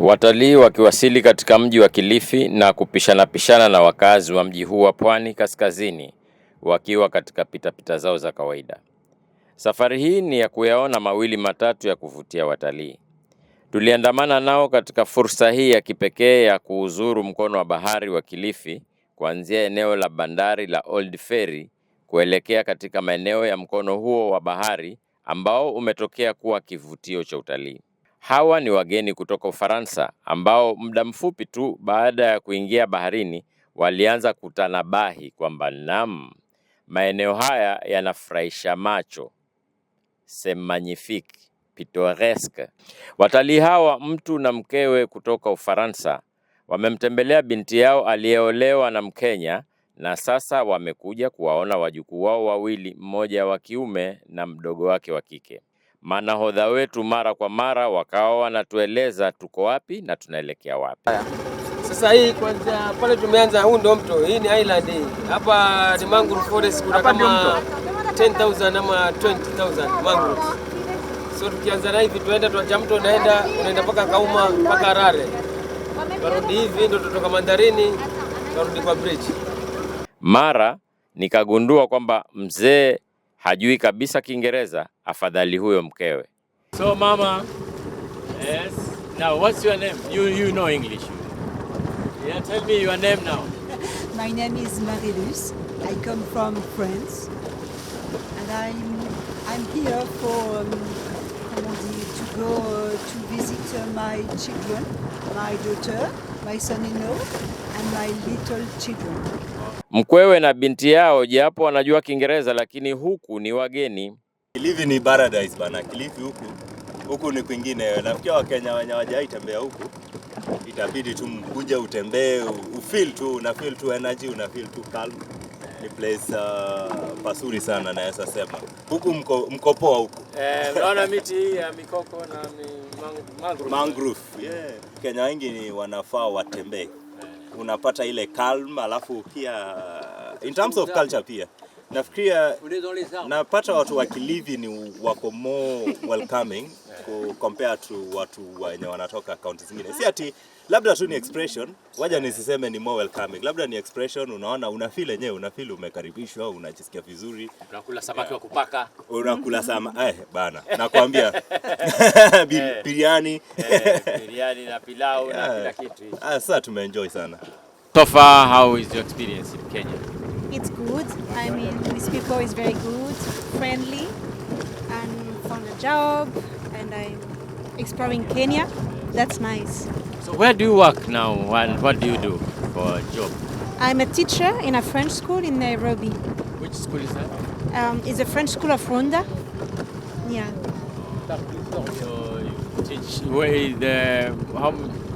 Watalii wakiwasili katika mji wa Kilifi na kupishana-pishana na wakazi wa mji huu wa Pwani Kaskazini wakiwa katika pitapita zao za kawaida. Safari hii ni ya kuyaona mawili matatu ya kuvutia watalii. Tuliandamana nao katika fursa hii ya kipekee ya kuuzuru mkono wa bahari wa Kilifi kuanzia eneo la bandari la Old Ferry kuelekea katika maeneo ya mkono huo wa bahari ambao umetokea kuwa kivutio cha utalii. Hawa ni wageni kutoka Ufaransa ambao muda mfupi tu baada ya kuingia baharini walianza kutanabahi kwamba nam maeneo haya yanafurahisha macho, c'est magnifique, pittoresque. Watalii hawa, mtu na mkewe kutoka Ufaransa, wamemtembelea binti yao aliyeolewa na Mkenya na sasa wamekuja kuwaona wajukuu wao wawili, mmoja wa kiume na mdogo wake wa kike manahodha wetu mara kwa mara wakawa wanatueleza tuko wapi na tunaelekea wapi. Sasa hii kwanza pale tumeanza, huu ndo mto, hii ni island hii. Hapa ni mangrove forest, kuna kama 10000 ama 20000 mangrove. So tukianza na hivi tuenda tuacha mto unaenda unaenda mpaka Kauma mpaka Rare, tarudi hivi ndo tutoka Mandarini tarudi kwa bridge. Mara nikagundua kwamba mzee hajui kabisa Kiingereza, afadhali huyo mkewe. So mama, yes. Now what's your name? You, you know English. Yeah, tell me your name now. My name is Marilus. I come from France. And I'm, I'm here for um, to go uh, to visit uh, my children, my daughter my son-in-law and my little children. Mkwewe na binti yao japo wanajua Kiingereza lakini huku ni wageni. Kilifi ni paradise bana. Kilifi huku huku ni kwingine. Nafikia Wakenya wenye hawajaitembea huku itabidi tu mkuja utembee, ufeel tu, una feel tu energy, una feel tu calm. Ni place uh, pasuri sana naweza sema. Huku mko, mko poa huku. Eh, unaona miti ya mikoko na mi mangrove. Yeah. Kenya wengi ni wanafaa watembee, unapata ile calm, alafu pia in terms of culture pia nafikiria napata watu wakilivi ni wako more welcoming ku compare to watu wenye wanatoka kaunti zingine, si ati labda tu ni expression, waja nisiseme ni more welcoming, labda ni expression. Unaona, una feel yenyewe, una feel umekaribishwa, unajisikia vizuri, unakula samaki wa kupaka, unakula sama eh, bana, nakwambia eh. biriani eh, biriani na pilau na eh. kila kitu. Ah, sasa tumeenjoy sana. So far, how is your experience in Kenya? It's good. I mean, these people is very good, friendly, and found a job. and I'm exploring Kenya. That's nice. So where do you work now and what do you do for a job? I'm a teacher in a French school in Nairobi. Which school is that? Um, it's a French school of Rwanda. Yeah. So you teach where the,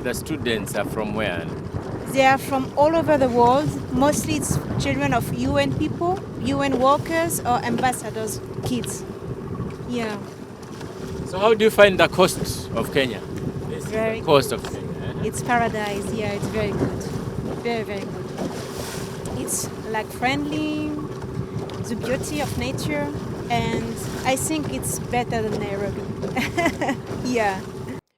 the students are from where? They are from all over the world. Mostly it's children of UN people, UN workers or ambassadors, kids. Yeah. So how do you find the coast of Kenya? Yes, very cost good. of Kenya. Eh? It's paradise. Yeah, it's very good. Very, very good. It's like friendly, the beauty of nature, and I think it's better than Nairobi. yeah.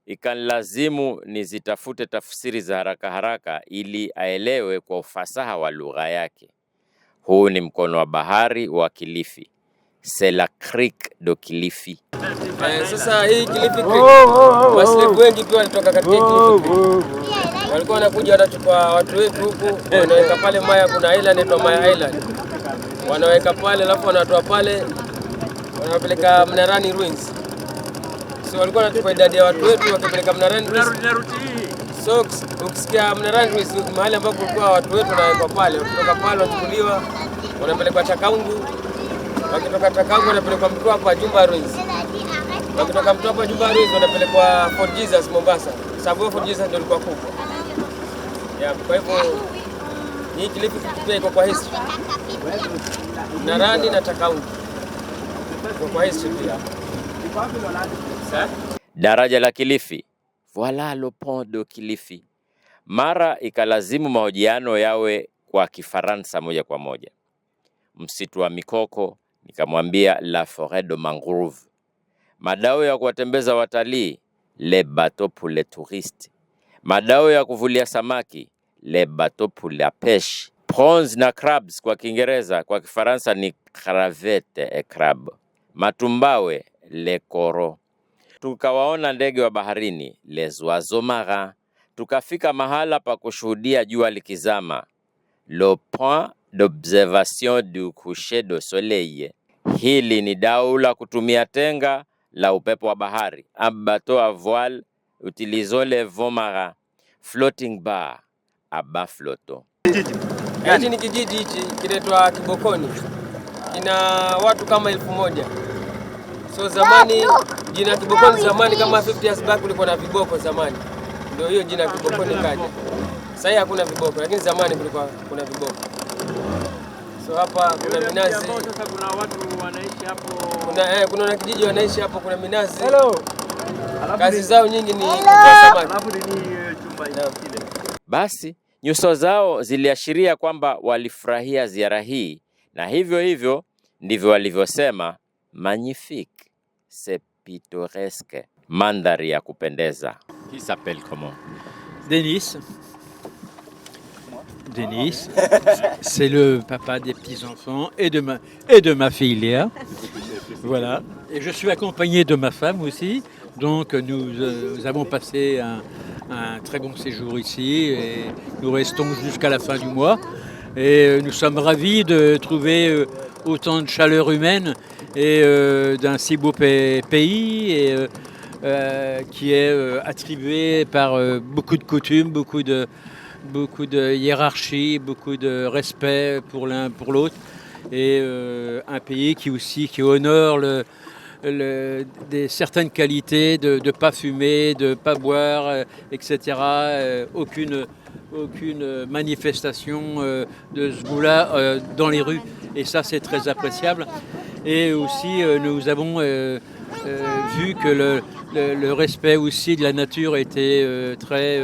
Ikanlazimu nizitafute tafsiri za haraka haraka ili aelewe kwa ufasaha wa lugha yake. Huu ni mkono wa bahari wa Kilifi. Sela Creek do Kilifi. Eh, sasa hii Kilifi Creek oh, oh, oh, wengi pia walitoka katika Kilifi Walikuwa wanakuja wanachukua watu wetu huku wanaweka pale Maya, kuna island inaitwa Maya Island wanaweka pale, alafu wanatoa pale wanapeleka Mnarani Ruins. So walikuwa wanachukua idadi ya watu wetu wakipeleka Mnarani Ruins. So ukisikia Mnarani Ruins mahali ambapo kulikuwa watu wetu wanawekwa pale, wakitoka pale wanachukuliwa wanapelekwa Chakaungu, wakitoka Chakaungu wanapelekwa kwa Jumba Ruins wakitoka Mtwapa Juba Reis wanapelekwa Fort Jesus Mombasa, sababu Fort Jesus ndio ilikuwa kubwa. Kwa hivyo hii Kilifi pia iko kwa history na rani na takaunti kwa history pia. Daraja la Kilifi, voila le pont de Kilifi, mara ikalazimu mahojiano yawe kwa Kifaransa moja kwa moja. Msitu wa mikoko nikamwambia la forêt de mangrove madao ya kuwatembeza watalii le bateau pour les touristes, madao ya kuvulia samaki le bateau pour la pêche, prawns na crabs kwa Kiingereza, kwa Kifaransa ni cravette et crab, matumbawe le coro. Tukawaona ndege wa baharini les oiseaux marins, tukafika mahala pa kushuhudia jua likizama le point d'observation du coucher de soleil. Hili ni dau la kutumia tenga la upepo wa bahari, un bateau à voile utilisant le vents floating bar, aba floto. Hichi yaani? yaani ni kijiji hichi kinaitwa Kibokoni, kina watu kama elfu moja. So zamani jina Kibokoni zamani kama 50 years back kulikuwa na viboko zamani, ndio hiyo jina Kibokoni kaja. Sasa hakuna viboko, lakini zamani kulikuwa kuna viboko. So hapa kuna minazi. Sasa kuna watu wanaishi hapo. Kuna eh, kuna na kijiji wanaishi hapo kuna minazi. Hello. Kazi zao nyingi ni alafu ni eh, chumba kile. Basi nyuso zao ziliashiria kwamba walifurahia ziara hii na hivyo hivyo ndivyo walivyosema magnifique, c'est pittoresque, mandhari ya kupendeza. Qui s'appelle comment? Denis. Denis. C'est le papa des petits-enfants et, de ma, et de ma fille Léa. Voilà. Et je suis accompagné de ma femme aussi. Donc nous, euh, avons passé un, très bon séjour ici et nous restons jusqu'à la fin du mois. Et euh, nous sommes ravis de trouver euh, autant de chaleur humaine et d'un si beau pays qui est attribué par beaucoup de coutumes, beaucoup de, beaucoup de hiérarchie, beaucoup de respect pour l'un pour l'autre, et euh, un pays qui aussi qui honore des certaines qualités de ne pas fumer, de ne pas boire, euh, etc. Euh, aucune, aucune manifestation de ce goût-là dans les rues. Et ça, c'est très appréciable. Et aussi, nous avons vu que le, le, respect aussi de la nature était très...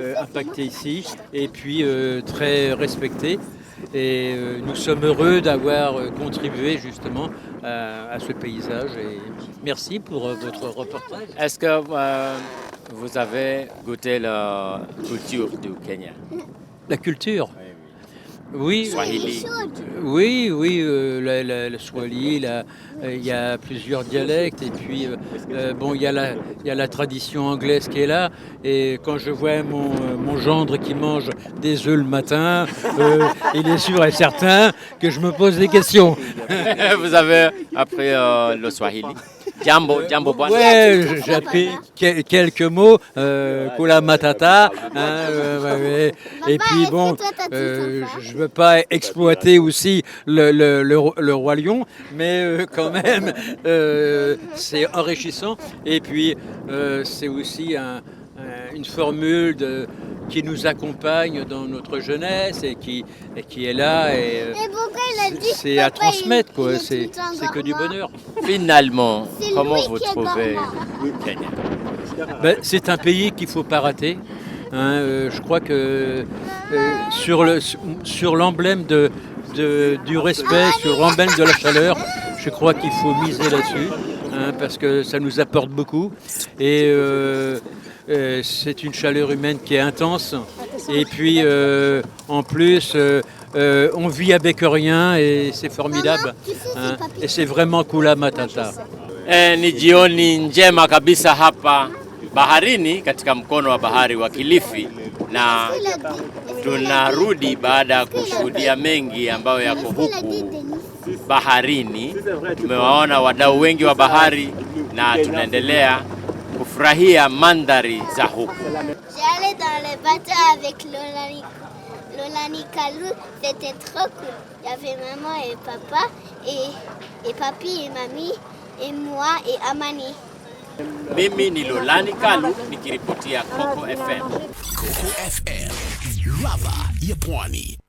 Euh, impacté ici et puis euh, très respecté. Et euh, nous sommes heureux d'avoir contribué justement à, ce paysage. Et merci pour votre reportage. Est-ce que vous avez goûté la culture du Kenya La culture oui, oui, euh, le Swahili, euh, il y a plusieurs dialectes, et puis euh, bon, il y, a la, tradition anglaise qui est là, et quand je vois mon, mon gendre qui mange des œufs le matin, il est sûr et certain que je me pose des questions. Vous avez appris le Swahili Jambo, euh, jambo Ouais, j'appuie quelques mots, euh, matata, et puis bon, euh, je veux pas exploiter aussi le, le, roi lion, mais euh, quand même, c'est enrichissant, et puis c'est aussi une formule de qui nous accompagne dans notre jeunesse et qui, qui est là. Et, euh, c'est à transmettre, quoi. C'est que du bonheur. Finalement, comment vous trouvez ben, C'est un pays qu'il ne faut pas rater. Hein. Euh, je crois que euh, sur l'emblème le, sur de, de, du respect, ah, sur l'emblème de la chaleur, je crois qu'il faut miser là-dessus. Hein, parce que ça nous apporte beaucoup. Et euh, euh, c'est une chaleur humaine qui est intense. Et puis, euh, en plus, on vit avec rien et c'est formidable. Hein. et c'est vraiment à Matata. Eh, baharini katika wa bahari na tunarudi mengi baharini. Tumewaona wadau wengi wa bahari na tunaendelea kufurahia mandhari za huku. Mimi ni Lolani Kalu nikiripotia Coco FM. Coco FM, ladha ya pwani.